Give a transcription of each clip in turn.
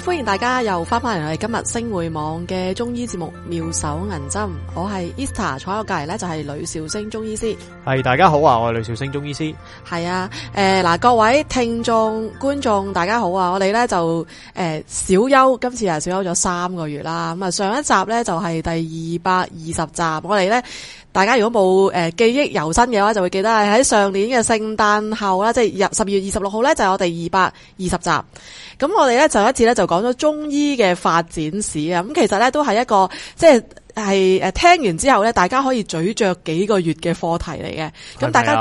歡迎大家又翻返嚟我哋今日星匯網嘅中醫節目妙手銀針，我係 Easter，坐喺我隔籬咧就係呂紹星中醫師。係大家好啊，我係呂紹星中醫師。係啊，誒、呃、嗱，各位聽眾觀眾大家好啊，我哋咧就誒、呃、小休，今次啊小休咗三個月啦，咁啊上一集咧就係、是、第二百二十集，我哋咧。大家如果冇誒、呃、記憶猶新嘅話，就會記得係喺上年嘅聖誕後啦，即係十十二月二十六號咧，就係、是、我哋二百二十集。咁我哋咧就一次咧就講咗中醫嘅發展史啊。咁其實咧都係一個即係。係誒，聽完之後咧，大家可以咀嚼幾個月嘅課題嚟嘅。咁大家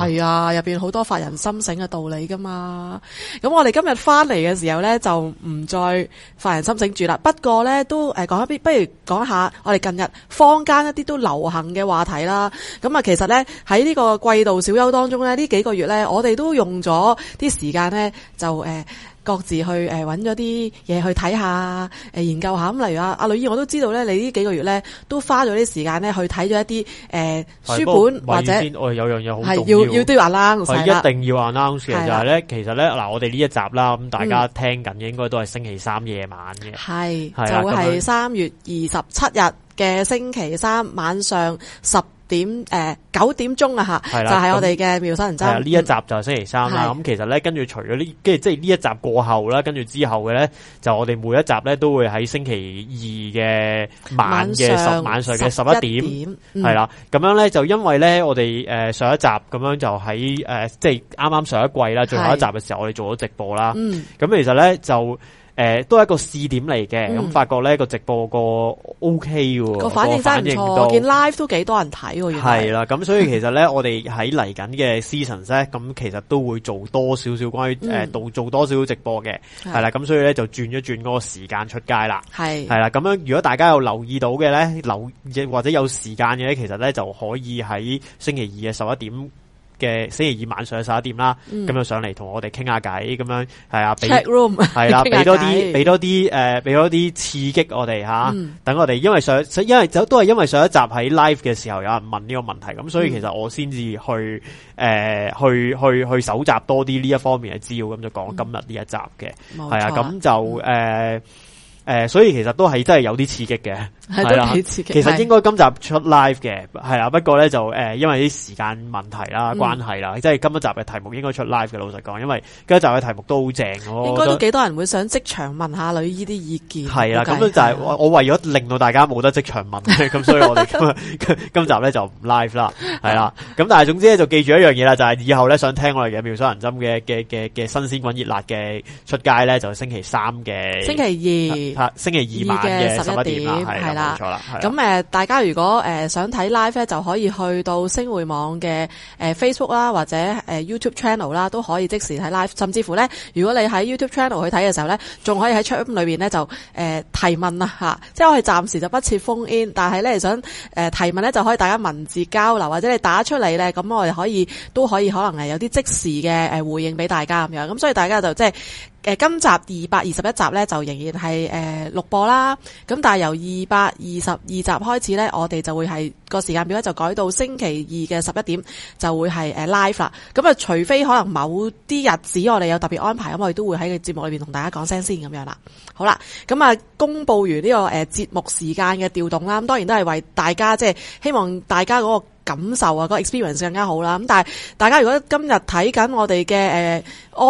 係啊，入邊好多發人心醒嘅道理噶嘛。咁我哋今日翻嚟嘅時候咧，就唔再發人心醒住啦。不過咧，都誒講、呃、一啲，不如講下我哋近日坊間一啲都流行嘅話題啦。咁啊，其實咧喺呢個季度小休當中咧，呢幾個月咧，我哋都用咗啲時間咧，就誒。呃各自去誒揾咗啲嘢去睇下，呃、研究下咁，例如啊，阿呂醫，我都知道咧，你呢幾個月咧都花咗啲時間咧去睇咗一啲誒、呃、書本或者，我、呃、有一樣嘢好重要，要要都要啱，一定要啱。所以就係、是、咧，其實咧嗱、呃，我哋呢一集啦，咁、嗯、大家聽緊嘅應該都係星期三夜晚嘅，係就係三月二十七日嘅星期三晚上，、就是、三晚上十。嗯、點誒九點鐘啊吓，就係、是、我哋嘅妙手銀針。係啊，呢一集就係星期三啦。咁、嗯、其實咧，跟住除咗呢，跟住即係呢一集過後啦，跟住之後嘅咧,就我哋每一集咧都會喺星期二嘅晚嘅十晚上嘅十一點，係啦。咁、嗯、樣咧就因為咧，我哋誒上一集咁樣就喺誒、呃、即係啱啱上一季啦，最後一集嘅時候我哋做咗直播啦。咁、嗯、其實咧就。誒、呃，都係一個試點嚟嘅，咁、嗯、發覺咧個直播個 O K 嘅喎，個反應真係唔錯，我見 live 都幾多人睇喎，係啦，咁所以其實咧， 我哋喺嚟緊嘅 season 咧，咁其實都會做多少少關於誒，做、嗯呃、做多少少直播嘅，係啦，咁所以咧就轉一轉嗰個時間出街啦，係，係啦，咁樣如果大家有留意到嘅咧，留或者有時間嘅咧，其實咧就可以喺星期二嘅十一點。嘅星期二晚上十一點啦，咁、嗯、就上嚟同我哋傾下偈，咁樣係啊，俾係啦，俾、啊、多啲俾多啲誒，俾、呃、多啲刺激我哋吓、嗯，等我哋，因為上，因為，因為都係因為上一集喺 live 嘅時候有人問呢個問題，咁所以其實我先至去誒、嗯呃，去去去，去搜集多啲呢一方面嘅資料，咁就講今日呢一集嘅，係啊，咁就誒。嗯誒、呃，所以其實都係真係有啲刺激嘅，係啦、啊，其實應該今集出 live 嘅，係啦、啊啊，不過咧就誒、呃，因為啲時間問題啦，嗯、關係啦，即係今一集嘅題目應該出 live 嘅。老實講，因為今一集嘅題目都好正喎、啊。應該都幾多人會想即場問下呂醫呢啲意見。係啦、啊，咁樣就係我為咗令到大家冇得即場問嘅，咁 所以我哋今， 今集咧就唔 live 啦，係啦、啊。咁 但係總之咧就記住一樣嘢啦，就係、是、以後咧想聽我哋嘅妙手銀針嘅嘅嘅嘅新鮮滾熱辣嘅出街咧，就星期三嘅，星期二。星期二晚嘅十一點，係啦，唔錯啦。咁誒、嗯嗯，大家如果誒想睇 live 咧，就可以去到星匯網嘅誒 Facebook 啦，或者誒 YouTube channel 啦，都可以即時睇 live。甚至乎咧，如果你喺 YouTube channel 去睇嘅時候咧，仲可以喺 channel 裏邊咧就誒、呃、提問吓。即係我哋暫時就不設 phone in，但係咧想誒提問咧就可以大家文字交流，或者你打出嚟咧，咁我哋可以都可以可能誒有啲即時嘅誒回應俾大家咁樣。咁所以大家就即係。誒，今集二百二十一集咧，就仍然係誒、呃、錄播啦。咁但係由二百二十二集開始咧，我哋就會係個時間表咧就改到星期二嘅十一點就會係誒 Live 啦。咁啊，除非可能某啲日子我哋有特別安排，咁我哋都會喺個節目裏邊同大家講聲先咁樣啦。好啦，咁啊公布完呢、這個誒節、呃、目時間嘅調動啦，咁當然都係為大家即係希望大家嗰、那個。感受啊，個 experience 更加好啦。咁但係大家如果今日睇緊我哋嘅誒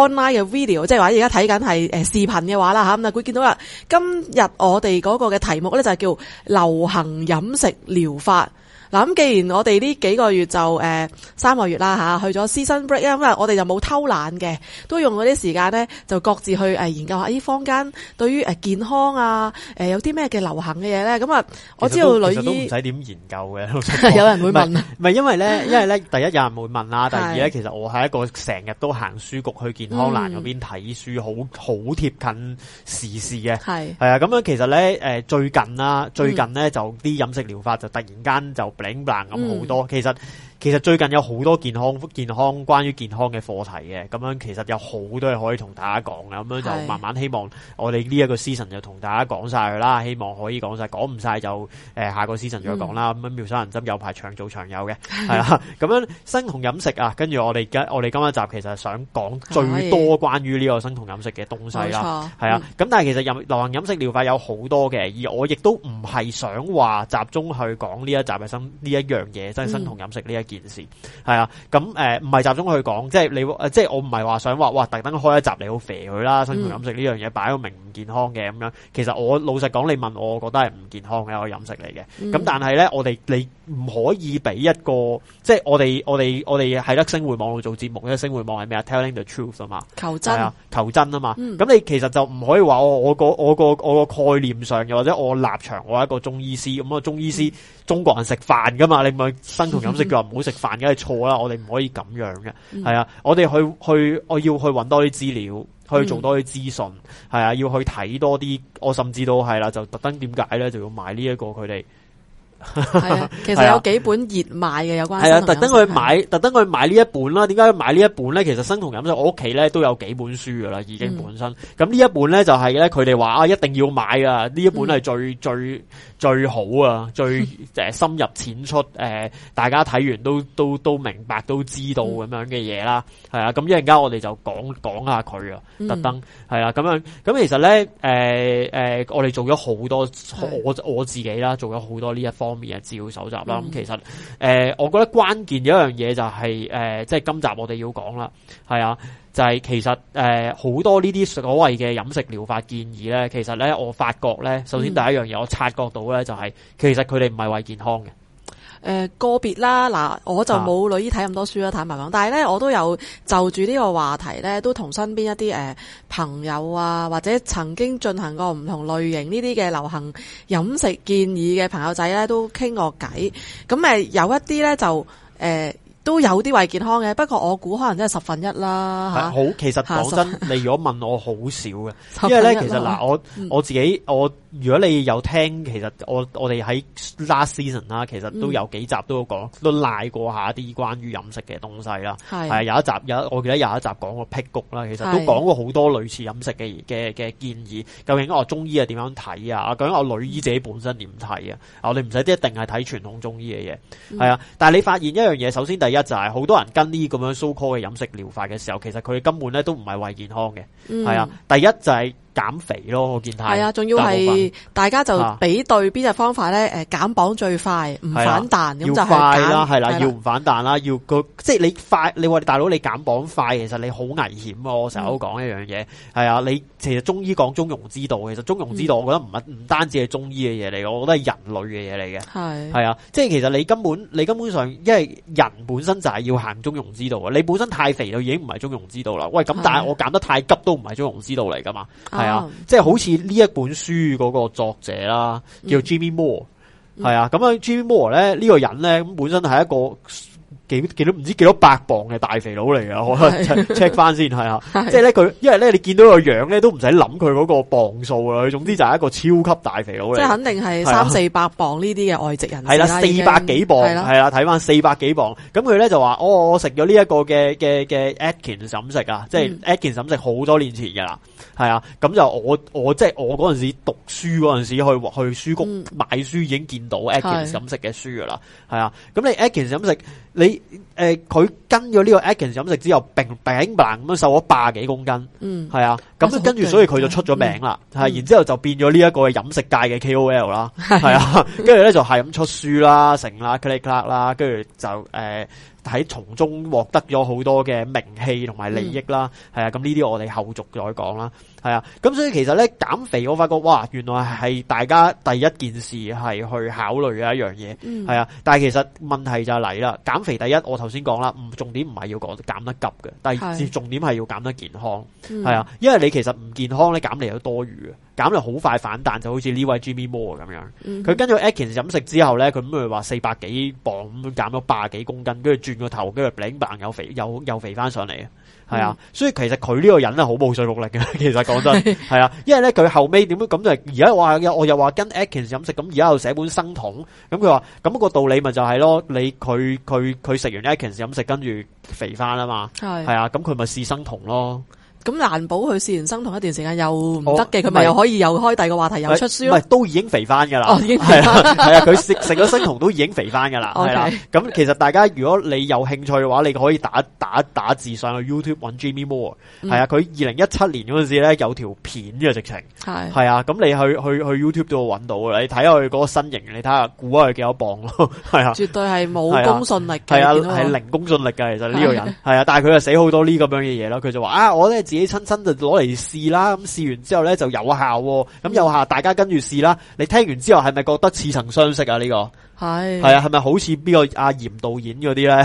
online 嘅 video，即係話而家睇緊係誒視頻嘅話啦吓，咁啊會見到啦，今日我哋個嘅題目咧就係叫流行飲食療法。嗱、嗯、咁，既然我哋呢幾個月就誒、呃、三個月啦嚇、啊，去咗 season break 啊，咁啊，我哋就冇偷懶嘅，都用咗啲時間咧，就各自去誒、呃、研究一下呢坊間對於誒健康啊，誒、呃、有啲咩嘅流行嘅嘢咧。咁、嗯、啊，我知道女醫都唔使點研究嘅， 有人會問，唔係因為咧，因為咧，第一有人會問啦，第二咧，其實我係一個成日都行書局去健康欄嗰邊睇書，好、嗯、好貼近時事嘅，係係啊，咁樣、嗯嗯、其實咧誒最近啊，最近咧就啲飲食療法就突然間就，凌亂咁好多，其實。其實最近有好多健康、健康關於健康嘅課題嘅，咁樣其實有好多嘢可以同大家講嘅，咁樣就慢慢希望我哋呢一個 season 就同大家講晒佢啦，希望可以講晒，講唔晒就誒、呃、下個 season 再講啦。咁妙手銀針有排長做長有嘅，係 啊，咁樣生酮飲食啊，跟住我哋而家我哋今一集其實想講最多關於呢個生酮飲食嘅東西啦，係啊，咁、嗯、但係其實流行飲食療法有好多嘅，而我亦都唔係想話集中去講呢一集嘅生呢一樣嘢，即、就、係、是、生酮飲食呢一件、嗯件事係啊，咁誒唔係集中去講，即係你，即係我唔係話想話哇，特登開一集你好肥佢啦，生酮飲食呢樣嘢擺到明唔健康嘅咁樣。其實我老實講，你問我，我覺得係唔健康嘅一個飲食嚟嘅。咁但係咧，我哋、嗯、你唔可以俾一個，即係我哋我哋我哋喺得星匯網度做節目咧，星匯網係咩啊？Telling the truth 啊嘛，求真，啊，求真啊、嗯嗯嗯、求真嘛。咁、嗯、你其實就唔可以話我我個我個概念上，又或者我立場，我係一個中醫師，咁啊中醫師、嗯、中國人食飯噶嘛，你咪生酮飲食叫人食飯梗係錯啦，我哋唔可以咁樣嘅，係、嗯、啊，我哋去去，我要去揾多啲資料，去做多啲資訊，係、嗯、啊，要去睇多啲，我甚至都係啦，就特登點解咧，就要買呢、這、一個佢哋，啊， 其實有幾本熱賣嘅有關，係啊，特登去買，特登去買呢一本啦。點解去買呢一本咧？其實《生酮飲食》我屋企咧都有幾本書噶啦，已經本身。咁、嗯、呢一本咧就係咧，佢哋話啊一定要買啊，呢、嗯、一本係最最。嗯最最好啊，最誒、呃、深入淺出誒、呃，大家睇完都都都明白都知道咁樣嘅嘢啦，係啊，咁一陣間我哋就講講下佢啊，特登係啊，咁樣咁其實咧誒誒，我哋做咗好多我我自己啦，做咗好多呢一方面嘅資料搜集啦，咁、嗯、其實誒、呃，我覺得關鍵嘅一樣嘢就係、是、誒、呃，即係今集我哋要講啦，係啊。就係、是、其實誒好、呃、多呢啲所謂嘅飲食療法建議咧，其實咧我發覺咧，首先第一樣嘢我察覺到咧、就是，就、嗯、係其實佢哋唔係為健康嘅、呃。誒個別啦，嗱我就冇呂醫睇咁多書啦，坦白講。但係咧，我都有就住呢個話題咧，都同身邊一啲誒、呃、朋友啊，或者曾經進行過唔同類型呢啲嘅流行飲食建議嘅朋友仔咧，都傾過偈。咁誒有一啲咧就誒。呃都有啲為健康嘅，不過我估可能是是真係十,十,十分一啦好，其實講真，你如果問我，好少嘅，因為呢，其實嗱，我我自己我如果你有聽，其實我我哋喺 last season 啦，其實都有幾集都講、嗯、都賴過下啲關於飲食嘅東西啦，係有一集有我記得有一集講過辟谷啦，其實都講過好多類似飲食嘅嘅嘅建議。究竟我、哦、中醫係點樣睇啊？究竟我呂醫者本身點睇啊？我哋唔使一定係睇傳統中醫嘅嘢，係啊。嗯、但係你發現一樣嘢，首先第一就係、是、好多人跟呢咁樣 so called 嘅飲食療法嘅時候，其實佢根本咧都唔係為健康嘅，係、嗯、啊。第一就係、是。減肥咯，我見係啊，仲要係大家就比對邊隻方法咧？誒，減磅最快唔反彈咁、啊、就要快啦，係、啊、啦，啊、要唔反彈啦，要個、啊、即係你快。你話大佬你減磅快，其實你好危險喎。我成日都講一樣嘢，係、嗯、啊，你其實中醫講中庸之道，其實中庸之道我，我覺得唔係唔單止係中醫嘅嘢嚟，我我覺得係人類嘅嘢嚟嘅，係係啊，啊，即係其實你根本你根本上，因為人本身就係要行中庸之道啊！你本身太肥就已經唔係中庸之道啦。喂，咁但係我減得太急都唔係中庸之道嚟噶嘛？係啊係啊係啊，即係好似呢一本書嗰個作者啦，嗯、叫 Jimmy Moore，係、嗯、啊，咁啊 Jimmy Moore 咧呢、呢個人咧咁本身係一個。幾幾，幾多唔知幾多百磅嘅大肥佬嚟噶， 我 check 翻先查，係 是啊，即係咧佢，因為咧你見到個樣咧都唔使諗佢嗰個磅數啦，佢總之就係一個超級大肥佬嚟。即係肯定係三四百磅呢啲嘅外籍人士係係啦、啊，四百幾磅，係啦、啊啊，睇翻四百幾磅，咁佢咧就話、哦，我食咗呢一個嘅嘅嘅 Atkins 飲食啊，即係 Atkins 飲食好多年前噶啦，係、嗯、啊，咁就我我即係、就是、我嗰陣時讀書嗰陣時去去書局買書已經見到 Atkins 飲食嘅書噶啦，係啊，啊，咁你 Atkins 飲食你。誒、呃，佢跟咗呢個 Atkins 飲食之後，並唪唪咁樣瘦咗百幾公斤，嗯，係啊，咁跟住，所以佢就出咗名啦，係、嗯啊，然之後就變咗呢一個飲食界嘅 KOL 啦，係、嗯、啊，跟住咧就係咁出書啦，成啦 click click 啦，跟住就誒喺、呃、從中獲得咗好多嘅名氣同埋利益啦，係、嗯、啊，咁呢啲我哋後續再講啦。係啊，咁所以其實咧減肥我發覺哇，原來係大家第一件事係去考慮嘅一樣嘢。係、嗯、啊，但係其實問題就嚟啦，減肥第一我頭先講啦，唔重點唔係要講減得急嘅，但係重點係要減得健康。係、嗯、啊，因為你其實唔健康咧，減嚟又多餘，減嚟好快反彈，就好似呢位 Jimmy Moore 咁樣。佢、嗯、跟住 Atkins 飲食之後咧，佢唔咪話四百幾磅減減咗八十幾公斤，跟住轉個頭，跟住又肥又又肥翻上嚟。係 啊，所以其實佢呢個人係好無說服力嘅。其實講真的，係 啊，因為咧佢後尾點樣咁就係而家我又我又話跟 Atkins 飲食，咁而家又寫本生酮，咁佢話咁個道理咪就係、是、咯，你佢佢佢食完 Atkins 飲食跟住肥翻啦嘛，係係 啊，咁佢咪試生酮咯。咁難保佢試完生酮一段時間又唔得嘅，佢、哦、咪又可以又開第二個話題，又出書喂、哎，都已經肥翻噶啦，已經肥啦，係啊，佢食食咗生酮都已經肥翻噶啦，係、okay. 啦。咁其實大家如果你有興趣嘅話，你可以打打打字上去 YouTube 揾 Jimmy Moore，係啊，佢二零一七年嗰陣時咧有條片嘅直情，係係啊。咁你去去去 YouTube 都揾到嘅，你睇下佢嗰個身形，你睇下估下佢幾多磅咯？係啊。絕對係冇公信力，係啊，係零公信力嘅。其實呢個人係啊，但係佢又死好多呢咁樣嘅嘢咯，佢就話啊，我咧。自己親親就攞嚟試啦，咁試完之後咧就有效，咁有效大家跟住試啦。你聽完之後係咪覺得似曾相識啊？呢個係係啊，係咪好似邊個阿嚴導演嗰啲咧？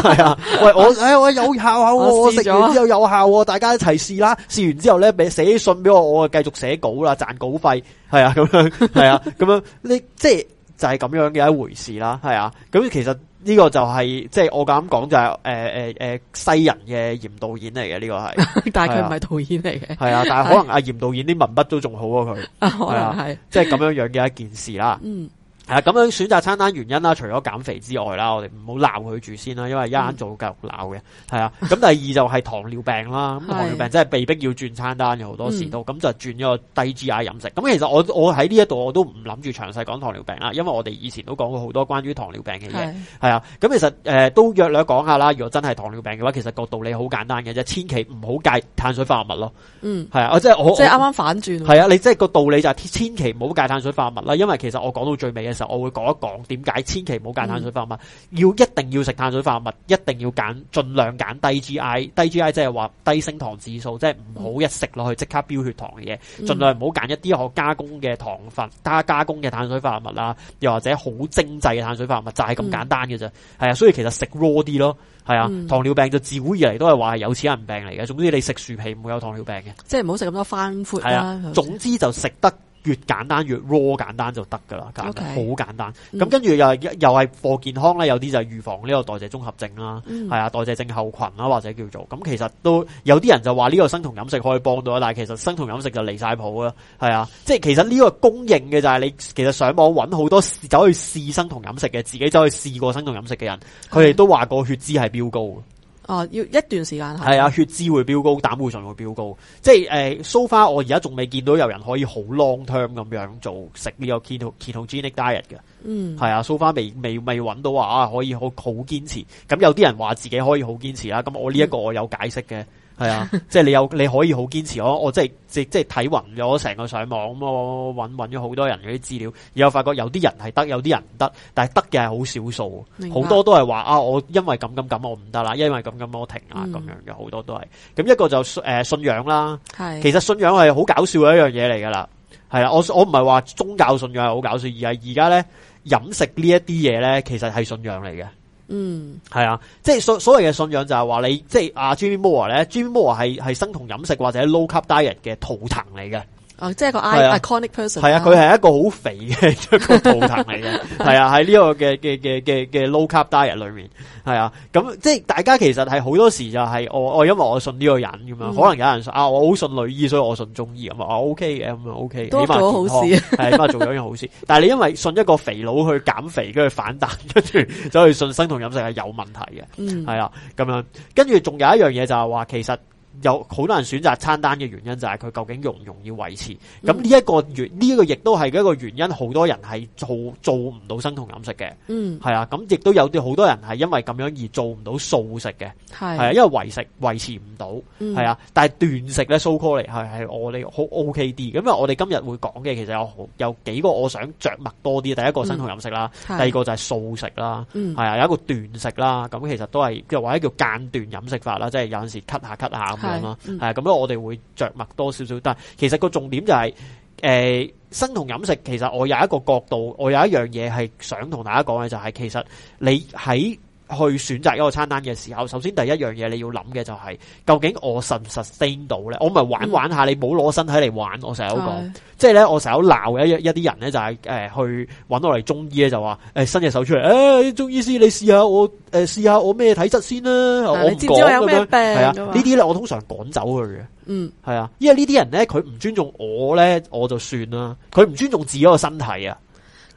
係 啊，喂，我誒、啊哎、我有效啊，我食完之後有效，大家一齊試啦。試完之後咧，俾寫信俾我，我繼續寫稿啦，賺稿費。係啊，咁樣係啊，咁樣， 你即係就係、是、咁樣嘅一回事啦。係啊，咁其實。呢、這個就係即係我咁講就係誒誒誒西人嘅嚴導演嚟嘅呢個係， 但係佢唔係導演嚟嘅，係啊， 但係可能阿嚴導演啲文筆都仲好過佢係 啊係，即係咁樣樣嘅一件事啦。 嗯係咁樣選擇餐單原因啦，除咗減肥之外啦，我哋唔好鬧佢住先啦，因為一陣做夠鬧嘅，係、嗯、啊。咁第二就係糖尿病啦，咁 糖尿病真係被逼要轉餐單，有好多時都咁就轉咗個低 GI 飲食。咁其實我我喺呢一度我都唔諗住詳細講糖尿病啦，因為我哋以前都講過好多關於糖尿病嘅嘢，係啊。咁其實誒、呃、都約略講下啦。如果真係糖尿病嘅話，其實個道理好簡單嘅啫，千祈唔好戒碳水化合物咯。嗯，係啊，即係我即係啱啱反轉。係啊，你即係個道理就係千祈唔好戒碳水化合物啦，因為其實我講到最尾嘅。就我會講一講點解千祈唔好揀碳水化合物、嗯，要一定要食碳水化合物，一定要揀，盡量揀低 GI、低 GI 即係話低升糖指數，即係唔好一食落去即刻飆血糖嘅嘢，嗯、盡量唔好揀一啲可加工嘅糖分、加加工嘅碳水化合物啦，又或者好精製嘅碳水化合物，就係、是、咁簡單嘅啫。係、嗯、啊，所以其實食 raw 啲咯，係啊，嗯、糖尿病就自古以嚟都係話有錢人病嚟嘅，總之你食樹皮唔會有糖尿病嘅，即係唔好食咁多番薯、啊、總之就食得。越簡單越 raw 簡單就得噶啦，好、okay，簡單。咁、嗯、跟住又係又係課健康啦，有啲就係預防呢個代謝綜合症啦，係、嗯、啊，代謝症候群啦或者叫做咁，嗯、其實都有啲人就話呢個生酮飲食可以幫到，但係其實生酮飲食就離晒譜啦，係啊，即係其實呢個公認嘅就係你其實上網揾好多走去試生酮飲食嘅，自己走去試過生酮飲食嘅人，佢哋都話個血脂係飆高的。嗯嗯哦，要一段時間係啊，血脂會飆高，膽固醇會飆高。即係誒，so far，我而家仲未見到有人可以好 long term 咁樣做食呢個 keto ketogenic diet 嘅。嗯，係啊，so far，未未未揾到話啊可以好好堅持。咁有啲人話自己可以好堅持啦。咁我呢一個我有解釋嘅。嗯係 啊，即係你有你可以好堅持，我我即係即係睇暈咗成個上網咁搵搵咗好多人嗰啲資料，然後發覺有啲人係得，有啲人唔得，但係得嘅係好少數，好多都係話啊，我因為咁咁咁我唔得啦，因為咁咁我停啊，咁、嗯、樣嘅好多都係，咁一個就誒、是呃、信仰啦，其實信仰係好搞笑嘅一樣嘢嚟噶啦，係啦，我我唔係話宗教信仰係好搞笑，而係而家咧飲食呢一啲嘢咧，其實係信仰嚟嘅。嗯，係啊，即係所所謂嘅信仰就係話你即係阿 Jimmy Moore 咧，Jimmy Moore 係係生酮飲食或者 low carb diet 嘅圖騰嚟嘅。啊、即係個 I,、啊、iconic person，係啊，佢係一個好肥嘅 一個圖騰嚟嘅，係啊，喺 呢個嘅嘅嘅嘅嘅 low carb diet 裏面，係啊，咁即係大家其實係好多時就係、是、我我因為我信呢個人咁樣，嗯、可能有人信啊，我好信呂醫，所以我信中醫咁啊，OK 嘅咁啊 OK，做咗好事起，係咁啊，做咗樣好事，但係你因為信一個肥佬去減肥，跟住反彈，跟住走去信生酮飲食係有問題嘅，係、嗯、啊，咁樣，跟住仲有一樣嘢就係、是、話其實。有好多人選擇餐單嘅原因就係佢究竟容唔容易維持，咁呢一個原呢、呢個亦都係一個原因，好多人係做做唔到生酮飲食嘅，嗯，係啊，咁亦都有啲好多人係因為咁樣而做唔到素食嘅，係，呀，啊，因為維食維持唔到，係、嗯、啊，但係斷食咧，so call 嚟係我哋好 OK 啲，咁啊，我哋今日會講嘅其實有有幾個我想著墨多啲，第一個生酮飲食啦，嗯、第二個就係素食啦，係、嗯、啊，有一個斷食啦，咁其實都係即係或者叫間斷飲食法啦，即係有陣時咳下咳下。咁、嗯、樣我哋會著墨多少少，但其實個重點就係、是，誒、呃，生酮飲食其實我有一個角度，我有一樣嘢係想同大家講嘅就係、是，其實你喺，去選擇一個餐單嘅時候，首先第一樣嘢你要諗嘅就係、是，究竟我實唔實 fit 到咧？我唔係玩玩下，嗯、你冇攞身體嚟玩。我成日都講，即係咧，我成日都鬧一一一啲人咧，就係、是、誒、呃、去揾我嚟中醫咧，就話誒、呃、伸隻手出嚟，誒、欸、中醫師你試下我誒試下我咩體質先啦、啊。我唔知我有咩病，係啊，呢啲咧我通常趕走佢嘅，嗯係啊，因為呢啲人咧佢唔尊重我咧，我就算啦，佢唔尊重自己個身體啊。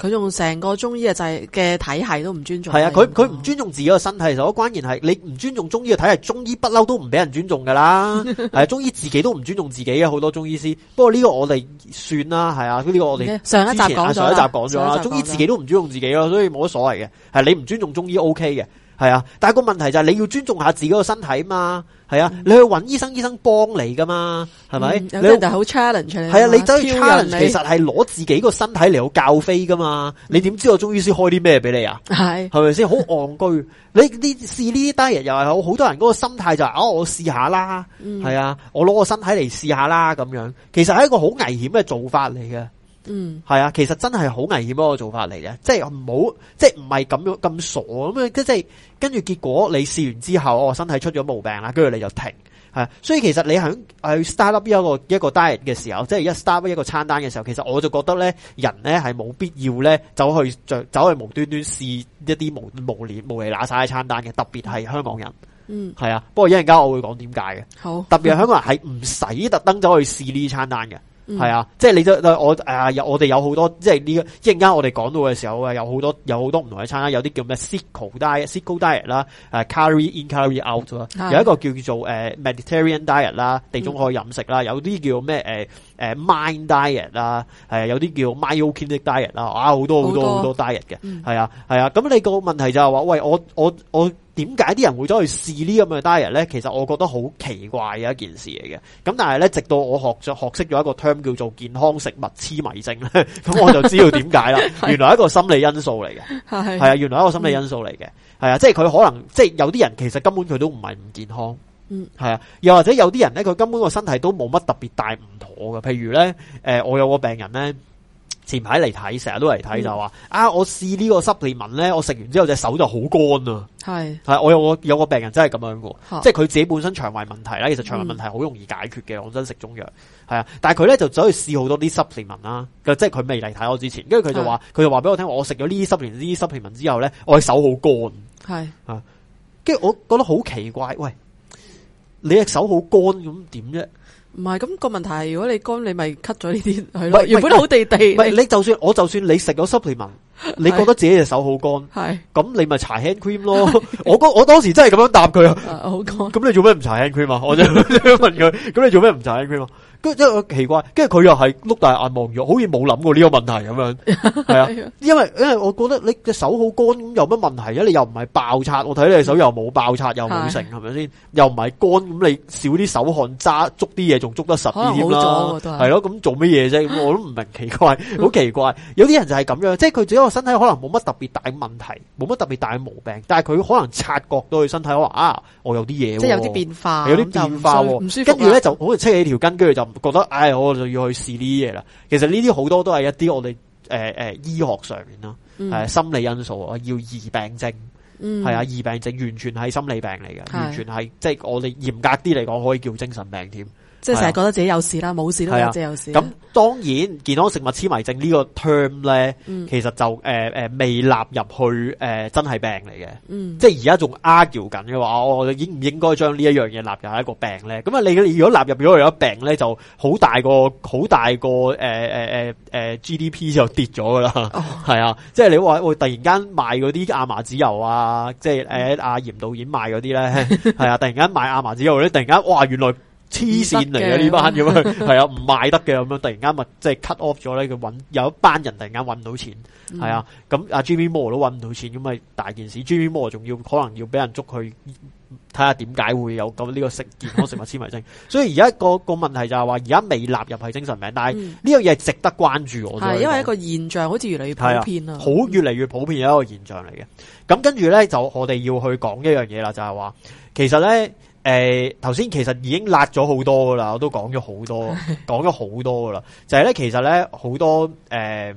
佢用成個中醫嘅制嘅體系都唔尊重，係啊，佢佢唔尊重自己個身體，其實我關鍵係你唔尊重中醫嘅體系，中醫不嬲都唔俾人尊重噶啦，係， 啊，中醫自己都唔尊重自己嘅好多中醫師，不過呢個我哋算啦，係啊，呢個我哋上一集講咗，上一集講咗啦，中醫自己都唔尊重自己咯，所以冇乜所謂嘅，係啊，你唔尊重中醫 OK 嘅。係啊，但係個問題就係你要尊重下自己個身體嘛，係啊，嗯、你去揾醫生，醫生幫你噶嘛，係、嗯、咪、嗯？你但係好 challenge 咧，係啊，你走去 challenge，其實係攞自己個身體嚟去教飛噶嘛，你點知我終於先開啲咩俾你啊？係，係咪先？好戇居，你呢試呢 day 又係有好多人嗰個心態就係哦，我試下啦，係啊，我攞個身體嚟試下啦咁樣，其實係一個好危險嘅做法嚟嘅。嗯，係啊，其實真係好危險一個做法嚟嘅，即係唔好，即係唔係咁樣咁傻咁樣，即係跟住結果你試完之後，我身體出咗毛病啦，跟住你就停，係啊，所以其實你喺去 start up 一個一個 diet 嘅時候，即係一 start up 一個餐單嘅時候，其實我就覺得咧，人咧係冇必要咧，走去著走去無端端試一啲無無聊無厘那晒嘅餐單嘅，特別係香港人，嗯，係啊，不過一陣間我會講點解嘅，好，特別係香港人係唔使特登走去試呢啲餐單嘅。係啊，即係你都我誒，有我哋有好多，即係呢個，一陣間我哋講到嘅時候，誒，有好多有好多唔同嘅餐，有啲叫咩？Sequel diet、Sequel diet 啦，誒，Carry in、Carry out 啦，有一個叫做誒 Mediterranean diet 啦，地中海飲食啦，有啲叫咩？誒誒 Mind diet 啦，係啊，有啲叫 Mayo Clinic diet 啦，啊，好多好多好多 diet 嘅，係啊係啊，咁你個問題就係話，喂，我我我。點解啲人會走去試呢咁嘅 diet 咧？其實我覺得好奇怪嘅一件事嚟嘅。咁但係咧，直到我學咗學識咗一個 term 叫做健康食物痴迷症咧，咁 我就知道點解啦。 原來係一個心理因素嚟嘅係啊，原來係一個心理因素嚟嘅係啊，即係佢可能即係有啲人其實根本佢都唔係唔健康，嗯 係啊。又或者有啲人咧，佢根本個身體都冇乜特別大唔妥嘅。譬如咧，誒、呃，我有個病人咧。前排嚟睇，成日都嚟睇就話啊！我試呢個濕利文咧，我食完之後隻手就好乾啊！係係，我有個有個病人真係咁樣嘅、啊，是即係佢自己本身腸胃問題啦。其實腸胃問題好容易解決嘅，嗯、講真，食中藥係啊。但係佢咧就走去試好多啲濕利文啦。即係佢未嚟睇我之前，跟住佢就話，佢就話俾我聽我食咗呢啲濕片呢啲濕利文之後咧，我手好乾。係啊，跟住我覺得好奇怪，喂，你隻手好乾咁點啫？唔係，咁，那個問題，如果你乾，你咪 cut 咗呢啲，係原本好地地。唔係你，你就算，我就算你食咗 supplement， 你覺得自己隻手好乾，係，咁你咪搽 hand cream 咯。 我我當時真係咁樣答佢啊，好乾。咁你做咩唔搽 hand cream 啊？我就問佢，咁你做咩唔搽 hand cream 啊？跟住我奇怪，跟住佢又係碌大眼望住，好似冇諗過呢個問題咁樣。係啊，因為因為我覺得你隻手好乾，咁有乜問題啊？你又唔係爆拆，我睇你隻手又冇爆拆，又冇成，係咪先？又唔係乾，咁你少啲手汗揸捉啲嘢，仲捉得十二點啦。係咯，咁做乜嘢啫？我都唔明，奇怪，好奇怪。有啲人就係咁樣，即係佢自己個身體，可能冇乜特別大問題，冇乜特別大毛病，但係佢可能察覺到佢身體話啊，我有啲嘢，即係有啲變化，有啲變化，唔舒服。跟住咧就好似扯起條筋，跟住就。覺得唉、哎，我就要去試呢啲嘢啦。其實呢啲好多都係一啲我哋誒誒醫學上面咯，係、嗯呃、心理因素啊。要疑病症，係、嗯、啊疑病症完全係心理病嚟嘅、嗯，完全係，即係我哋嚴格啲嚟講，可以叫精神病添。即係成日覺得自己有事啦，冇、啊、事啦，即係有事。咁、啊、當然，健康食物痴迷症呢個 term 咧、嗯，其實就誒誒、呃、未納入去誒、呃、真係病嚟嘅、嗯。即係而家仲 argue 緊嘅話，我、哦、應唔應該將呢一樣嘢納入一個病咧？咁啊，你如果納入如果係一個病咧，就好大個好大個誒誒誒誒 GDP 就跌咗噶啦。係、哦、啊，即係你話突然間賣嗰啲亞麻籽油啊，即係誒阿嚴導演賣嗰啲咧，係 啊，突然間賣亞麻籽油咧，突然間哇原來。黐線嚟嘅呢班，咁佢係啊，唔賣 得嘅，咁樣，突然間咪即係 cut off 咗咧，佢揾有一班人突然間揾唔到錢，係、嗯、啊，咁啊 G B l 都揾唔到錢，咁咪大件事，G B l 仲要可能要俾人捉去睇下點解會有咁呢個食健康食物癡迷症、嗯，所以而家個個問題就係話，而家未納入係精神病，但係呢樣嘢係值得關注，嗯、我係因為一個現象，好似越嚟越普遍啊，好越嚟越普遍，嘅一個現象嚟嘅。咁跟住咧，就我哋要去講一樣嘢啦，就係、是、話其實咧。誒、呃，頭先其實已經辣咗好多噶啦，我都講咗好多了，講咗好多噶啦，就係、是、咧，其實咧好多誒，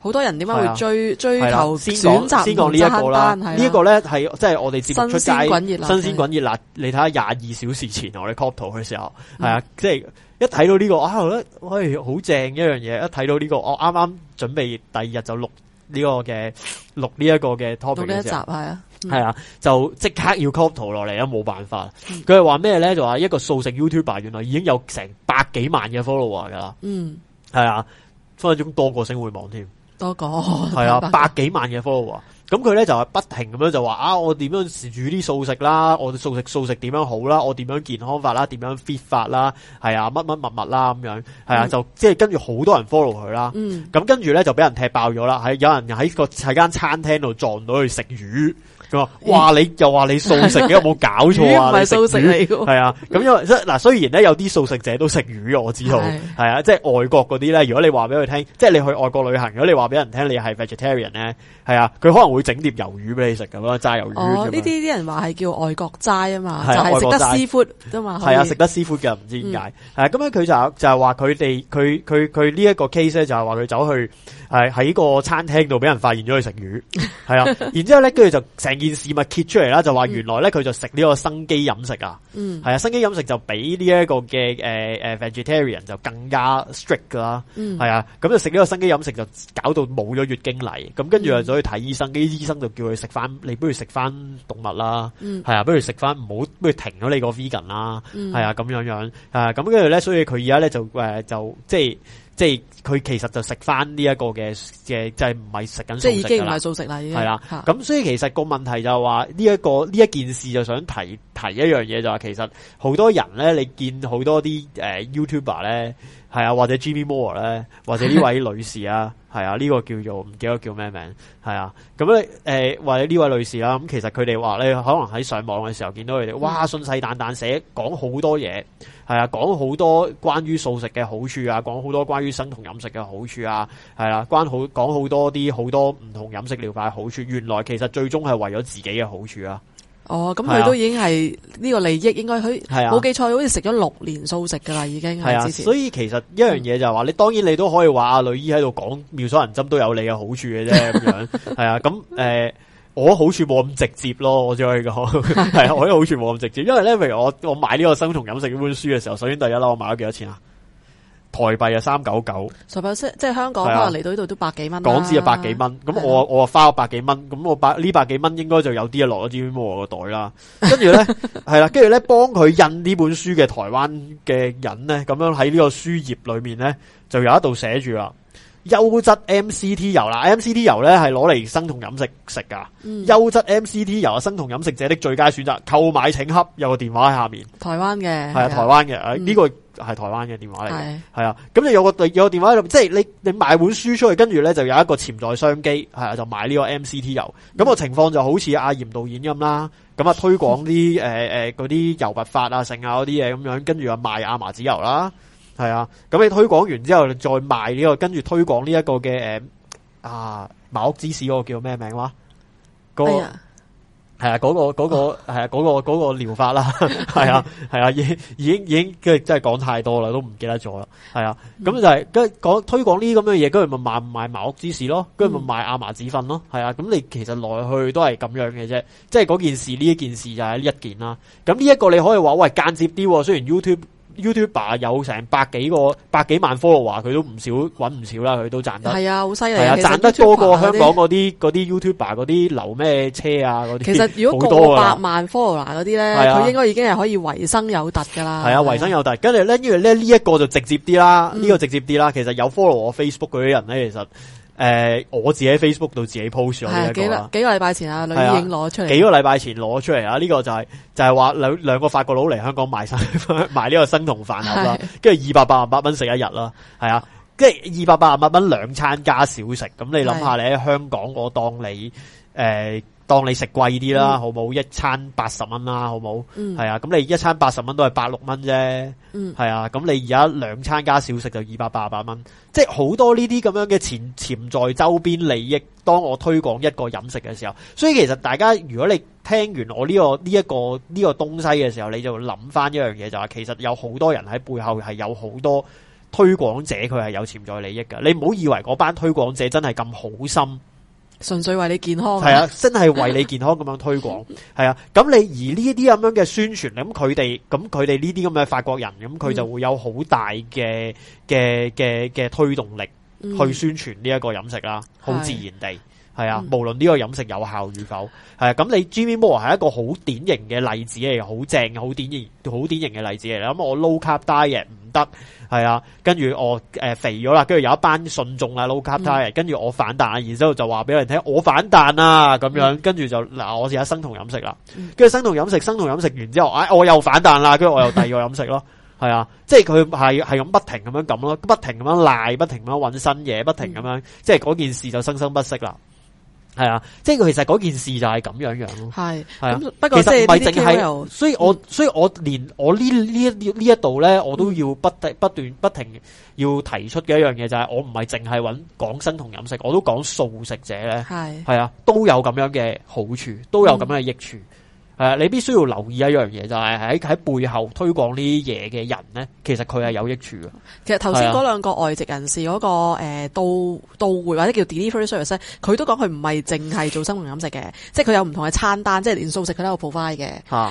好、呃、多人點解會追、啊、追投選擇唔同嘅黑斑？單單啊這個、呢一個咧係即係我哋節目出街新鮮滾熱辣，新鮮滾熱辣。啊、你睇下廿二小時前我哋 cut 圖嘅時候，係啊，嗯、即係一睇到呢、這個、啊，我覺得喂好正一樣嘢。一睇到呢、這個，我啱啱準備第二日就錄呢個嘅錄呢一個嘅 topic 嘅時候，係啊係 啊，就即刻要 copy 圖落嚟啊，冇辦法。佢係話咩咧？就話一個素食 YouTuber 原來已經有成百幾萬嘅 follower 噶，嗯、啊，係啊分分鐘多過星會網添，多過係啊，啊，百幾萬嘅 follower。咁佢咧就係不停咁樣就話啊，我點樣煮啲素食啦？我素食素食點樣好啦？我點樣健康法啦？點樣 fit 法啦？係啊，乜乜物物啦咁樣，係啊，嗯、就即係跟住好多人 follow 佢啦。咁跟住咧就俾人踢爆咗啦，喺、嗯、有人喺個喺間餐廳度撞到佢食魚。佢話：，哇！你又話你素食嘅， 有冇搞錯啊？ 魚唔係素食嚟嘅。係啊，咁因為即嗱，雖然咧有啲素食者都食魚，我知道，係 啊，即係外國嗰啲咧。如果你話俾佢聽，即係你去外國旅行，如果你話俾人聽你係 vegetarian 咧，係啊，佢可能會整碟魷魚俾你食咁咯，齋魷魚。哦，呢啲啲人話係叫外國齋啊嘛，就係食得師傅啫嘛，係啊，食得師傅嘅唔知點解。係、嗯、咁樣佢就就係話佢哋，佢佢佢呢一個 case 咧就係話佢走去。係喺個餐廳度俾人發現咗佢食魚，係 啊，然之後咧，跟住就成件事咪揭出嚟啦，就話原來咧佢、嗯、就食呢個生機飲食啊，係、嗯、啊，生機飲食就比呢、這、一個嘅誒誒 vegetarian 就更加 strict 噶啦，係、嗯、啊，咁就食呢個生機飲食就搞到冇咗月經嚟，咁跟住就走去睇醫生，啲、嗯、醫,醫生就叫佢食翻，你不如食翻動物啦，係、嗯、啊，不如食翻唔好，不如停咗你個 vegan 啦，係、嗯、啊，咁樣樣啊，咁跟住咧，所以佢而家咧就誒、呃、就即係。即係佢其實就食翻呢一個嘅嘅就係唔係食緊素食噶啦，係啦。咁所以其實個問題就係話呢一個呢一件事就想提提一樣嘢就話、是、其實好多人咧，你見好多啲誒、呃、YouTuber 咧。係啊，或者 Jimmy Moore 咧，或者呢位女士啊，係 啊，呢、這個叫做唔記得叫咩名，係啊，咁咧誒，或者呢位女士啦、啊，咁其實佢哋話咧，可能喺上網嘅時候見到佢哋，哇，信誓旦旦寫講好多嘢，係啊，講好多關於素食嘅好處啊，講好多關於生酮飲食嘅好處啊，係啊，關好講好多啲好多唔同飲食療法嘅好處，原來其實最終係為咗自己嘅好處啊。哦，咁佢都已經係呢個利益，啊、應該佢冇記錯，好似食咗六年素食噶啦，已經係啊。所以其實一樣嘢就係話，嗯、你當然你都可以話阿呂醫喺度講妙手銀針都有你嘅好處嘅啫，咁 樣係啊。咁誒、呃，我好處冇咁直接咯，我只可以講係啊。我好處冇咁直接，因為咧，譬如我我買呢個生酮飲食呢本書嘅時候，首先第一啦，我買咗幾多錢啊？台幣啊，三九九，即係係香港可能嚟到呢度都百幾蚊，港紙啊就百幾蚊，咁我我花咗百幾蚊，咁我百呢百幾蚊應該就有啲啊落咗啲我個袋啦，跟住咧係啦，跟住咧幫佢印呢本書嘅台灣嘅人咧，咁樣喺呢個書頁裏面咧就有一度寫住啦。優質 MCT 油啦，MCT 油咧係攞嚟生酮飲食食噶。優、嗯、質 MCT 油係生酮飲食者的最佳選擇，購買請洽、嗯這個，有個電話喺下面。台灣嘅係啊，台灣嘅呢個係台灣嘅電話嚟，係係啊。咁就有個有個電話喺度，即係你你賣本書出去，跟住咧就有一個潛在商機，係就買呢個 MCT 油。咁、嗯那個情況就好似阿嚴導演咁啦，咁啊推廣啲誒誒嗰啲油拔法啊剩啊嗰啲嘢咁樣，跟住啊賣亞麻籽油啦。係啊，咁你推廣完之後，你再賣呢、這個，跟住推廣呢一個嘅誒啊茅屋芝士嗰個叫咩名啦？那個係、哎、啊，嗰、那個嗰、那個係啊，嗰、啊那個嗰、那個療法啦，係啊係 啊，啊，已經已經已經即係真係講太多啦，都唔記得咗啦，係啊，咁就係跟講推廣呢啲咁嘅嘢，跟住咪賣賣茅屋芝士咯，跟住咪賣阿麻子粉咯，係啊，咁你其實來去都係咁樣嘅啫，即係嗰件事呢一件事就係一件啦，咁呢一個你可以話喂間接啲，雖然 YouTube。YouTuber 有成百幾個百幾萬 follower，佢都唔少，搵唔少啦，佢都賺得係啊，好犀利！啊，賺、啊、得多過香港嗰啲嗰啲 YouTuber 嗰啲留咩車啊嗰啲。其實如果過百萬 follower 嗰啲咧，佢、啊、應該已經係可以維生有突噶啦。係啊，維、啊、生有突。跟住咧，因為咧呢一、這個就直接啲啦，呢、嗯、個直接啲啦。其實有 follow 我 Facebook 嗰啲人咧，其實。誒、呃，我自己喺 Facebook 度自己 post 咗呢一個啦。幾幾個禮拜前啊，呂醫已攞出嚟。幾個禮拜前攞出嚟啊，呢個、這個就係、是、就係話兩兩個法國佬嚟香港賣晒賣呢個生酮飯盒啦，跟住二百八十八蚊食一日啦，係啊，跟住二百八十八蚊兩餐加小食。咁你諗下你喺香港我當你誒。呃當你食貴啲啦，好冇一餐八十蚊啦，好冇係、嗯、啊？咁你一餐八十蚊都係百六蚊啫，係、嗯、啊？咁你而家兩餐加小食就二百八十八蚊，即係好多呢啲咁樣嘅潛潛在周邊利益。當我推廣一個飲食嘅時候，所以其實大家如果你聽完我呢、這個呢一、這個呢、這個東西嘅時候，你就諗翻一樣嘢，就係、是、其實有好多人喺背後係有好多推廣者，佢係有潛在利益㗎。你唔好以為嗰班推廣者真係咁好心。純粹為你健康，係啊，真係為你健康咁樣推廣，係 啊。咁你而呢啲咁樣嘅宣傳，咁佢哋，咁佢哋呢啲咁嘅法國人，咁佢就會有好大嘅嘅嘅嘅推動力去宣傳呢一個飲食啦。好、嗯、自然地係啊、嗯，無論呢個飲食有效與否，係啊。咁你 Jimmy Moore 係一個好典型嘅例子嚟，好正，好典型，好典型嘅例子嚟。咁我 Low Carb Diet。得係啊，跟住我誒、呃、肥咗啦，跟住有一班信眾啊 low carb diet 跟住我反彈啊，然之後就話俾人聽：「我反彈啊，咁樣，跟住就嗱，我試下生酮飲食啦，跟住生酮飲食，生酮飲食完之後，哎，我又反彈啦，跟住我又第二個飲食咯，係啊，即係佢係係咁不停咁樣咁咯，不停咁樣賴，不停咁樣搵新嘢，不停咁樣，嗯、即係嗰件事就生生不息啦。係啊，即係其實嗰件事就係咁樣樣咯。係係不過其實唔係淨係，這所以我所以我連我呢呢一呢一度咧，我都要不、嗯、不斷不停要提出嘅一樣嘢就係，是，我唔係淨係搵講生酮飲食，我都講素食者咧，係係啊，都有咁樣嘅好處，都有咁樣嘅益處。嗯係、啊，你必須要留意一樣嘢就係喺喺背後推廣呢啲嘢嘅人咧，其實佢係有益處嘅。其實頭先嗰兩個外籍人士嗰，那個誒到到會或者叫 delivery service 佢都講佢唔係淨係做生酮飲食嘅， 即係佢有唔同嘅餐單，即係連素食佢都有 provide 嘅。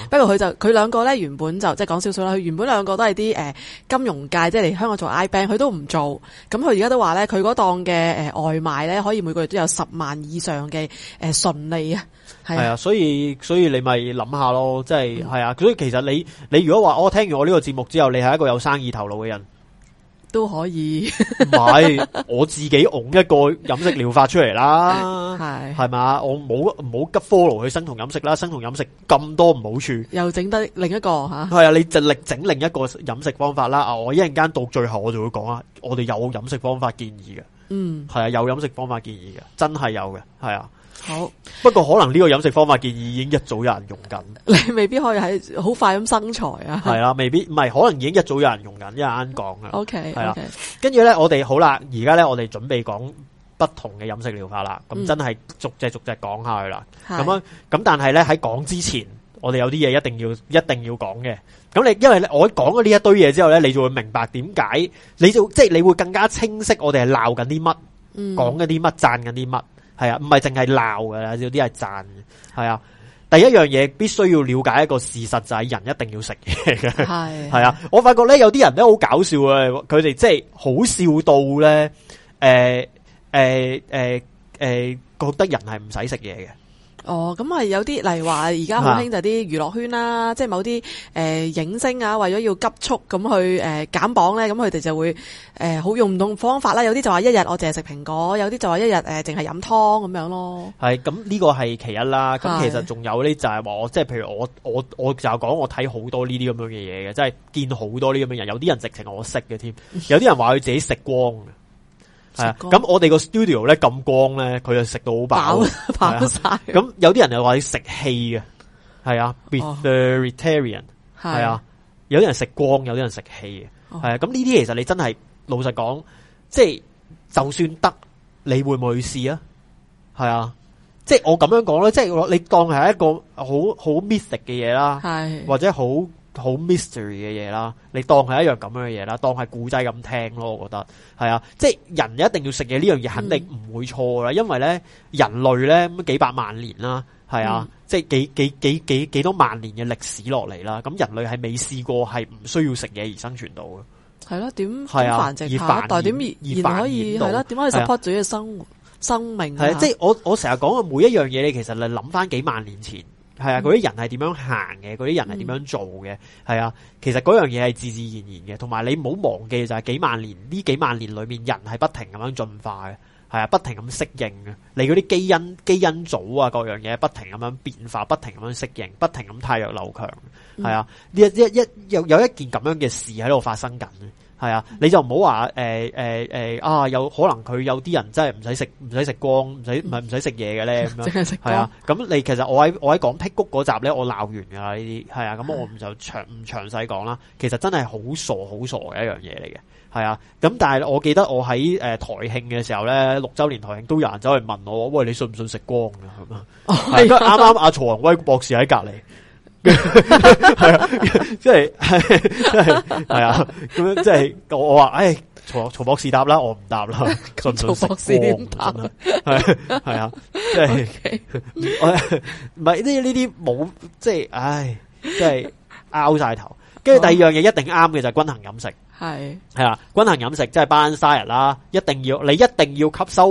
不過佢就佢兩個咧原本就即係講少少啦。佢原本兩個都係啲誒金融界，即係嚟香港做 ibank 佢都唔做。咁佢而家都話咧，佢嗰檔嘅誒外賣咧，可以每個月都有十萬以上嘅誒、呃、純利啊！係啊，所以所以你咪諗下咯，即係係、嗯、啊，所以其實你你如果話我、哦、聽完我呢個節目之後，你係一個有生意頭腦嘅人，都可以。唔係，我自己拱一個飲食療法出嚟啦，係係嘛，我冇好急 follow 去生酮飲食啦，生酮飲食咁多唔好處，又整得另一個吓，係啊，啊，你就力整另一個飲食方法啦。我一陣間到最後我就會講啊，我哋有飲食方法建議嘅，嗯，係啊，有飲食方法建議嘅，真係有嘅，係啊。好，不過可能呢個飲食方法建議已經一早有人用緊，你未必可以喺好快咁生財啊。係啦、啊，未必，唔係可能已經一早有人用緊，因為啱講啊。OK，係啦，跟住咧，我哋好啦，而家咧，我哋準備講不同嘅飲食療法啦。咁真係逐隻逐隻講下去啦。咁樣咁，但係咧，喺講之前，我哋有啲嘢一定要一定要講嘅。咁你因為咧，我講咗呢一堆嘢之後咧，你就會明白點解，你就即係、就是、你會更加清晰我，我哋係鬧緊啲乜，講緊啲乜，讚緊啲乜。係啊，唔係淨係鬧㗎，有啲係讚。係啊，第一樣嘢必須要了解一個事實就係、是、人一定要食嘢嘅。係係啊，我發覺咧有啲人都好搞笑啊，佢哋即係好笑到咧，誒誒誒誒，覺得人係唔使食嘢嘅。哦，咁啊有啲例如話而家好興就啲娛樂圈啦，即係某啲誒、呃、影星啊，為咗要急速咁去誒減磅咧，咁佢哋就會誒好、呃、用唔同方法啦。有啲就話一日我淨係食蘋果，有啲就話一日誒淨係飲湯咁樣咯。係，咁呢個係其一啦。咁其實仲有呢就係話我即係譬如我我我就講我睇好多呢啲咁樣嘅嘢嘅，即係見好多呢咁嘅人，有啲人直情我識嘅添，有啲人話佢自己食光嘅 係啊，咁我哋個 studio 咧，咁光咧，佢就食到好飽。飽晒。咁、啊、有啲人又話你食氣嘅，係啊 vegetarian 係、哦、啊、啊，有啲人食光，有啲人食氣嘅，係、哦、啊。咁呢啲其實你真係老實講，即係就算得，你會唔會去試啊？係啊，即係我咁樣講咧，即係你當係一個好好 miss 食嘅嘢啦，係或者好。好 mystery 嘅嘢啦，你當係一樣咁樣嘅嘢啦，當係古仔咁聽咯。我覺得係啊，即係人一定要食嘢呢樣嘢，這個、肯定唔會錯啦。嗯、因為咧，人類咧咁幾百萬年啦，係啊，嗯、即係幾幾幾幾幾多萬年嘅歷史落嚟啦。咁人類係未試過係唔需要食嘢而生存到嘅。係咯、啊，點點繁殖點、啊、而，而，而，而、啊、可以係啦？點可以 support 自己嘅生生命？係啊，啊，啊，即係我我成日講嘅每一樣嘢，你其實你諗翻幾萬年前。係啊，嗰啲人係點樣行嘅，嗰啲人係點樣做嘅，係、嗯、啊。其實嗰樣嘢係自自然然嘅，同埋你唔好忘記就係幾萬年呢幾萬年裏面人係不停咁樣進化嘅，係啊，不停咁適應嘅，你嗰啲基因基因組啊各樣嘢不停咁樣變化，不停咁樣適應，不停咁汰弱留強，係啊，呢一一一有有一件咁樣嘅事喺度發生緊。係啊，你就唔好話誒誒誒，啊有可能佢有啲人真係唔使食唔使食光，唔使唔係唔使食嘢嘅咧咁樣。係啊，咁你其實我喺我喺講辟谷嗰集咧，我鬧完噶啦呢啲，係啊，咁我唔就詳唔詳細講啦。其實真係好傻好傻嘅一樣嘢嚟嘅，係啊。咁但係我記得我喺誒台慶嘅時候咧，六周年台慶都有人走去問我，喂，你信唔信食光噶？係、oh、嘛、啊，啱、哎、啱 阿曹宏威博士喺隔籬。係 啊，即係係，係 啊、 嗯，咁樣即係我我話，哎、即係欸，曹曹博士答啦，我唔答啦，曹博士唔答，係係啊，即係我唔係呢呢啲冇，即、就、係、是，唉 Okay， 即係拗晒頭，跟住第二樣嘢一定啱嘅就係、均衡飲食。係係啦，均衡飲食即係 balanced diet 啦，一定要你一定要吸收誒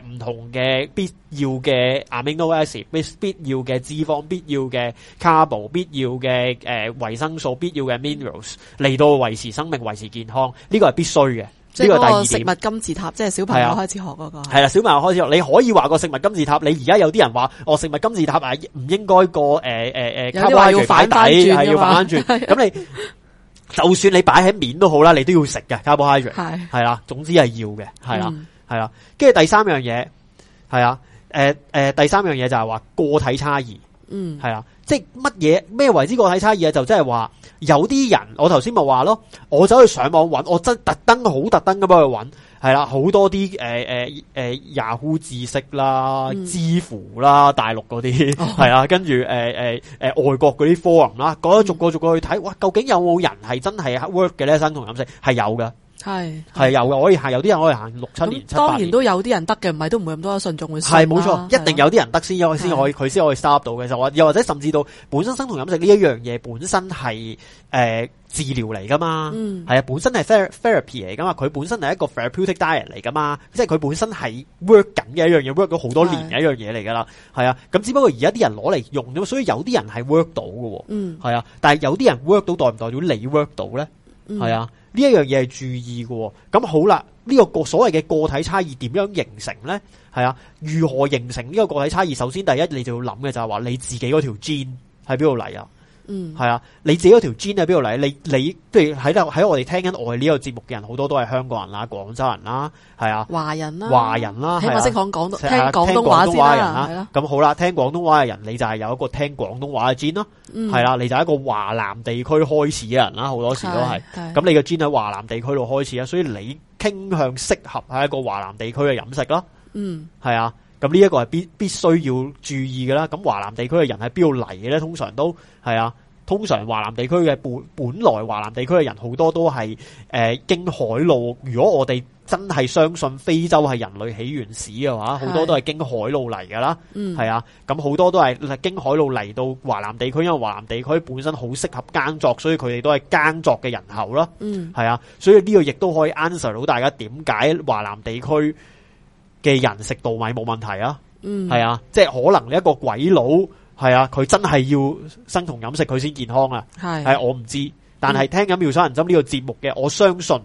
唔同嘅必要嘅 amino acids，必必要嘅脂肪，必要嘅 carbo，必要嘅誒維生素，必要嘅 minerals 嚟到維持生命、維持健康，呢個係必須嘅，呢個第二點。即係嗰個食物金字塔，即係小朋友開始學嗰個。係啦，小朋友開始學，你可以話個食物金字塔，你而家有啲人話哦，食物金字塔啊，唔應該過誒誒誒，有啲話要反底，係要反翻轉，咁你。就算你擺喺面都好啦，你都要食嘅。Carbohydrate，係係啦，總之係要嘅，係啦係啦。跟、嗯、住第三樣嘢係啊，誒誒、呃呃，第三樣嘢就係話個體差異。嗯，係啦，即係乜嘢咩為之個體差異啊？就即係話有啲人，我頭先咪話咯，我走去上網揾，我真特登好特登咁去揾。係啦，好多啲誒誒誒 Yahoo 知識啦、知乎啦、大陸嗰啲，係、哦、啊，跟住誒誒誒外國嗰啲 forum 啦，嗰啲逐個逐個，個去睇，哇，究竟有冇人係真係 work 嘅咧？生酮飲食係有嘅，係係有嘅，可以行，有啲人可以行六七年、七八年，當然都有啲人得嘅，唔係都唔會咁多信眾嘅。係冇錯，一定有啲人得先，先可以佢先可以 start 到嘅。又或者甚至到本身生酮飲食呢一樣嘢本身係誒。呃治療嚟噶嘛，係、嗯、啊，本身係 therapy 嚟噶嘛，佢本身係一個 therapeutic diet 嚟噶嘛，即係佢本身係 work 緊嘅一樣嘢，work 咗好多年嘅一樣嘢嚟噶啦，係啊，咁只不過而家啲人攞嚟用啫嘛，所以有啲人係 work 到嘅，嗯，係啊，但係有啲人 work 到，代唔代表你 work 到咧？係啊，呢、嗯、一樣嘢係注意嘅。咁好啦，呢個個所謂嘅個體差異點樣形成咧？係啊，如何形成呢個個體差異？首先第一，你就要諗嘅就係話你自己嗰條 gene 喺邊度嚟啊？嗯，係啊，你自己嗰條 gene 喺邊度嚟？你你，譬如喺度喺我哋聽緊我哋呢個節目嘅人，好多都係香港人啦、廣州人啦，係啊，華人啊，華人啦，起碼識講廣東，聽廣東話啦，咁、啊、好啦，聽廣東話嘅人，你就係有一個聽廣東話嘅 gene 咯，係啦，嗯，啊，你就一個華南地區開始嘅人啦，好多時都係，咁你嘅 gene 喺華南地區度開始啊，所以你傾向適合喺一個華南地區嘅飲食咯，嗯，係啊。咁呢一個係必必須要注意嘅啦。咁華南地區嘅人係邊度嚟嘅呢？通常都係啊。通常華南地區嘅本本來華南地區嘅人好多都係誒、呃、經海路。如果我哋真係相信非洲係人類起源史嘅話，好多都係經海路嚟噶啦。係、嗯、係啊。咁好多都係經海路嚟到華南地區，因為華南地區本身好適合耕作，所以佢哋都係耕作嘅人口囉。嗯，係啊。所以呢個亦都可以 answer 到大家點解華南地區嘅人食稻米冇問題啊，係、嗯、啊，即係可能你一個鬼佬係啊，佢真係要生酮飲食佢先健康啊，係、啊，係我唔知，但係聽緊妙手銀針呢個節目嘅，我相信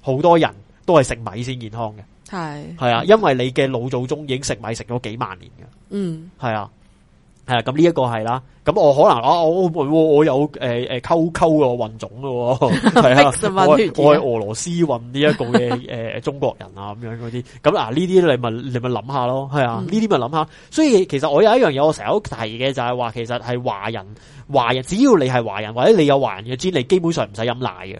好多人都係食米先健康嘅，係，係啊，因為你嘅老祖宗已經食米食咗幾萬年嘅，嗯，係啊。係啊，咁呢一個係啦，咁我可能啊，我我，我有誒誒溝溝嘅運種嘅，係 啊是的， 我我係俄羅斯運呢一個嘅誒、呃、中國人啊咁樣嗰啲，咁嗱呢啲你咪你咪諗下咯，係啊，呢啲咪諗下。所以其實我有一樣嘢我成日好提嘅就係話，其實係華人華人，只要你係華人或者你有華人嘅基因，基本上唔使飲奶嘅，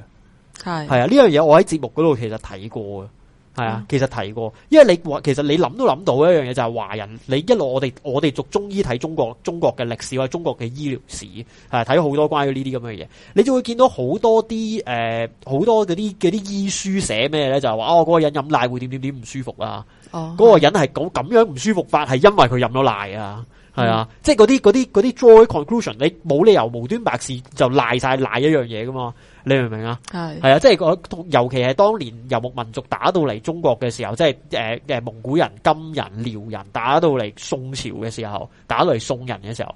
係係啊，呢樣嘢我喺節目嗰度其實睇過嘅。係啊，其實提過，因為你話其實你諗都諗到一樣嘢，就係、是、華人，你一路我哋我哋讀中醫睇中國中國嘅歷史或者中國嘅醫療史，睇咗好多關於呢啲咁嘅嘢，你就會見到好多啲誒好多嗰啲嗰啲醫書寫咩咧？就係話哦嗰、那個人飲奶會點點點唔舒服啊，嗰、哦那個人係咁樣唔舒服法，係因為佢飲咗奶啊，係啊，啊，即係嗰啲嗰啲嗰啲 joy conclusion，你冇理由無端白事就賴晒奶一樣嘢噶嘛。你明唔明啊？係係啊，即係尤其係當年遊牧民族打到嚟中國嘅時候，即係誒誒蒙古人、金人、遼人打到嚟宋朝嘅時候，打到嚟宋人嘅時候，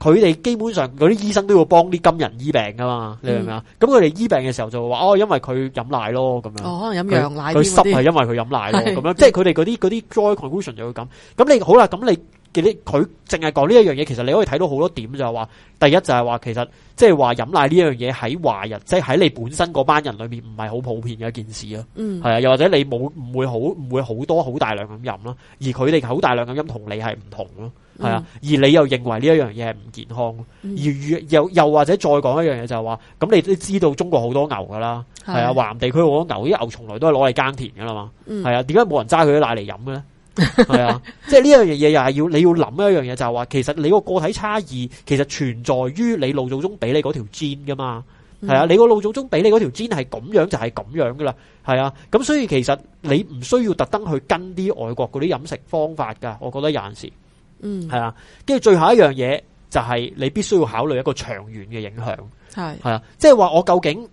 佢哋基本上嗰啲醫生都要幫啲金人醫病噶嘛？你明唔明啊？咁佢哋醫病嘅時候就話哦，因為佢飲奶咯，咁樣可能飲羊奶，佢濕係因為佢飲奶咯，咁樣即係佢哋嗰啲 joy conclusion 就會咁。咁你好啦，咁你。佢淨係講呢一樣嘢，其實你可以睇到好多點就係話，第一就係話其實即係話飲奶呢樣嘢喺華人，即係喺你本身嗰班人裏面唔係好普遍嘅一件事咯。嗯、係啊，又或者你冇唔會好唔會好多好大量咁飲啦，而佢哋好大量咁飲同你係唔同咯，係啊。嗯、而你又認為呢一樣嘢係唔健康，嗯、而又又或者再講一樣嘢就係話，咁你都知道中國好多牛噶啦，係啊，華南地區好多牛，啲牛從來都係攞嚟耕田噶啦嘛，係啊，點解冇人揸佢啲奶嚟飲嘅咧？係 啊，即係呢樣嘢，又係要你要諗。一樣嘢就係、是、話，其實你個個體差異其實存在於你老祖宗俾你嗰條 gene 噶嘛。係、嗯、啊，你個老祖宗俾你嗰條 gene 係咁樣就係咁樣噶啦。係啊，咁所以其實你唔需要特登去跟啲外國嗰啲飲食方法噶。我覺得有陣時，嗯，係啊。跟住最後一樣嘢就係你必須要考慮一個長遠嘅影響係係啊，即係話我究竟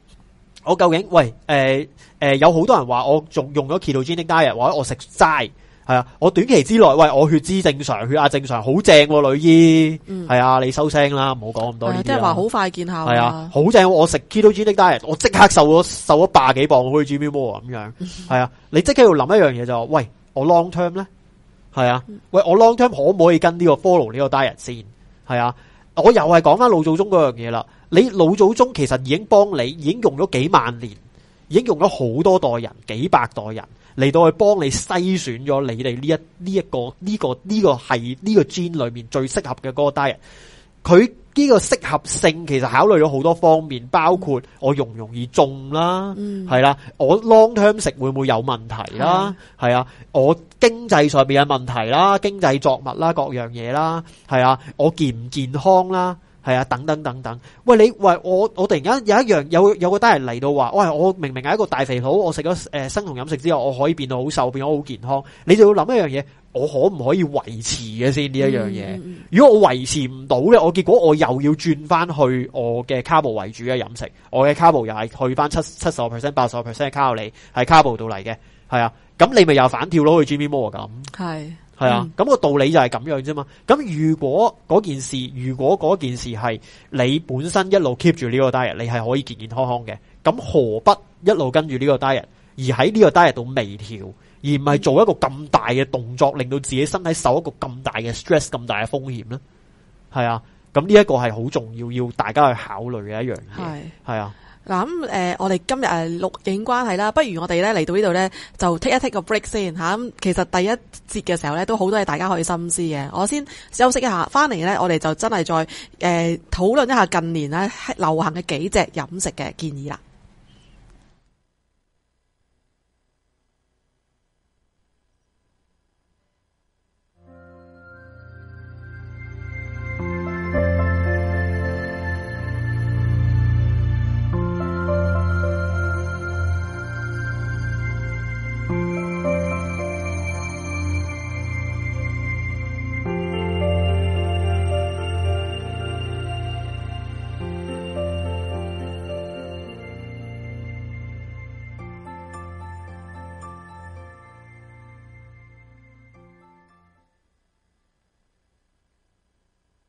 我究竟喂誒誒、呃呃，有好多人話我仲用咗 Ketogenic Diet，或者我食齋。係啊，我短期之內喂，我血脂正常，血壓正常，好正喎，呂醫。係啊，你收聲啦，唔好講咁多呢啲。即係話好快見效。係啊，好正，我食 Ketogenic Diet，我即刻瘦咗瘦咗百幾磅好似 g y m n 啊咁樣。係啊，你即刻要諗一樣嘢就話，喂，我 Long Term 呢？係啊，喂，我 Long Term 可唔可以跟呢個 Follow 呢個 diet 先？係啊，我又係講翻老祖宗嗰樣嘢啦。你老祖宗其實已經幫你，已經用咗幾萬年，已經用咗好多代人，幾百代人。嚟到去幫你篩選咗你哋呢一呢一個呢個呢個係呢個 gene 裏面最適合嘅個 diet。佢呢個適合性其實考慮咗好多方面，包括我容唔容易中啦，係、嗯、啦，我 long term 食會唔會有問題啦，係、嗯、啊，我經濟上面嘅問題啦，經濟作物啦，各樣嘢啦，係啊，我健唔健康啦？係啊，等等等等，喂你喂我我突然間有一樣有有個單人嚟到話，喂我明明係一個大肥佬，我食咗誒生酮飲食之後，我可以變到好瘦，變到好健康，你就要諗一樣嘢，我可唔可以維持嘅先呢一樣嘢？嗯、如果我維持唔到咧，我結果我又要轉翻去我嘅卡布為主嘅飲食，我嘅卡布又係去翻七七十個 percent、八十個 percent 卡路里係卡布度嚟嘅，係啊，咁你咪又反跳咯去 Jimmy Moore 咁，係。係啊，咁、那個道理就係咁樣啫嘛。咁如果嗰件事，如果嗰件事係你本身一路 keep 住呢個 diet，你係可以健健康康嘅。咁何不一路跟住呢個 diet 而喺呢個 diet 度微調，而唔係做一個咁大嘅動作，令到自己身體受一個咁大嘅 stress、咁大嘅風險呢？係啊，咁呢一個係好重要，要大家去考慮嘅一樣嘢。係啊。嗱、嗯、咁、呃，我哋今日誒錄影關係啦，不如我哋咧嚟到呢度咧就 take 一 take 個 break 先咁、嗯。其實第一節嘅時候咧，都好多嘢大家可以深思嘅。我先休息一下，翻嚟咧，我哋就真係再誒、呃、討論一下近年咧流行嘅幾隻飲食嘅建議啦。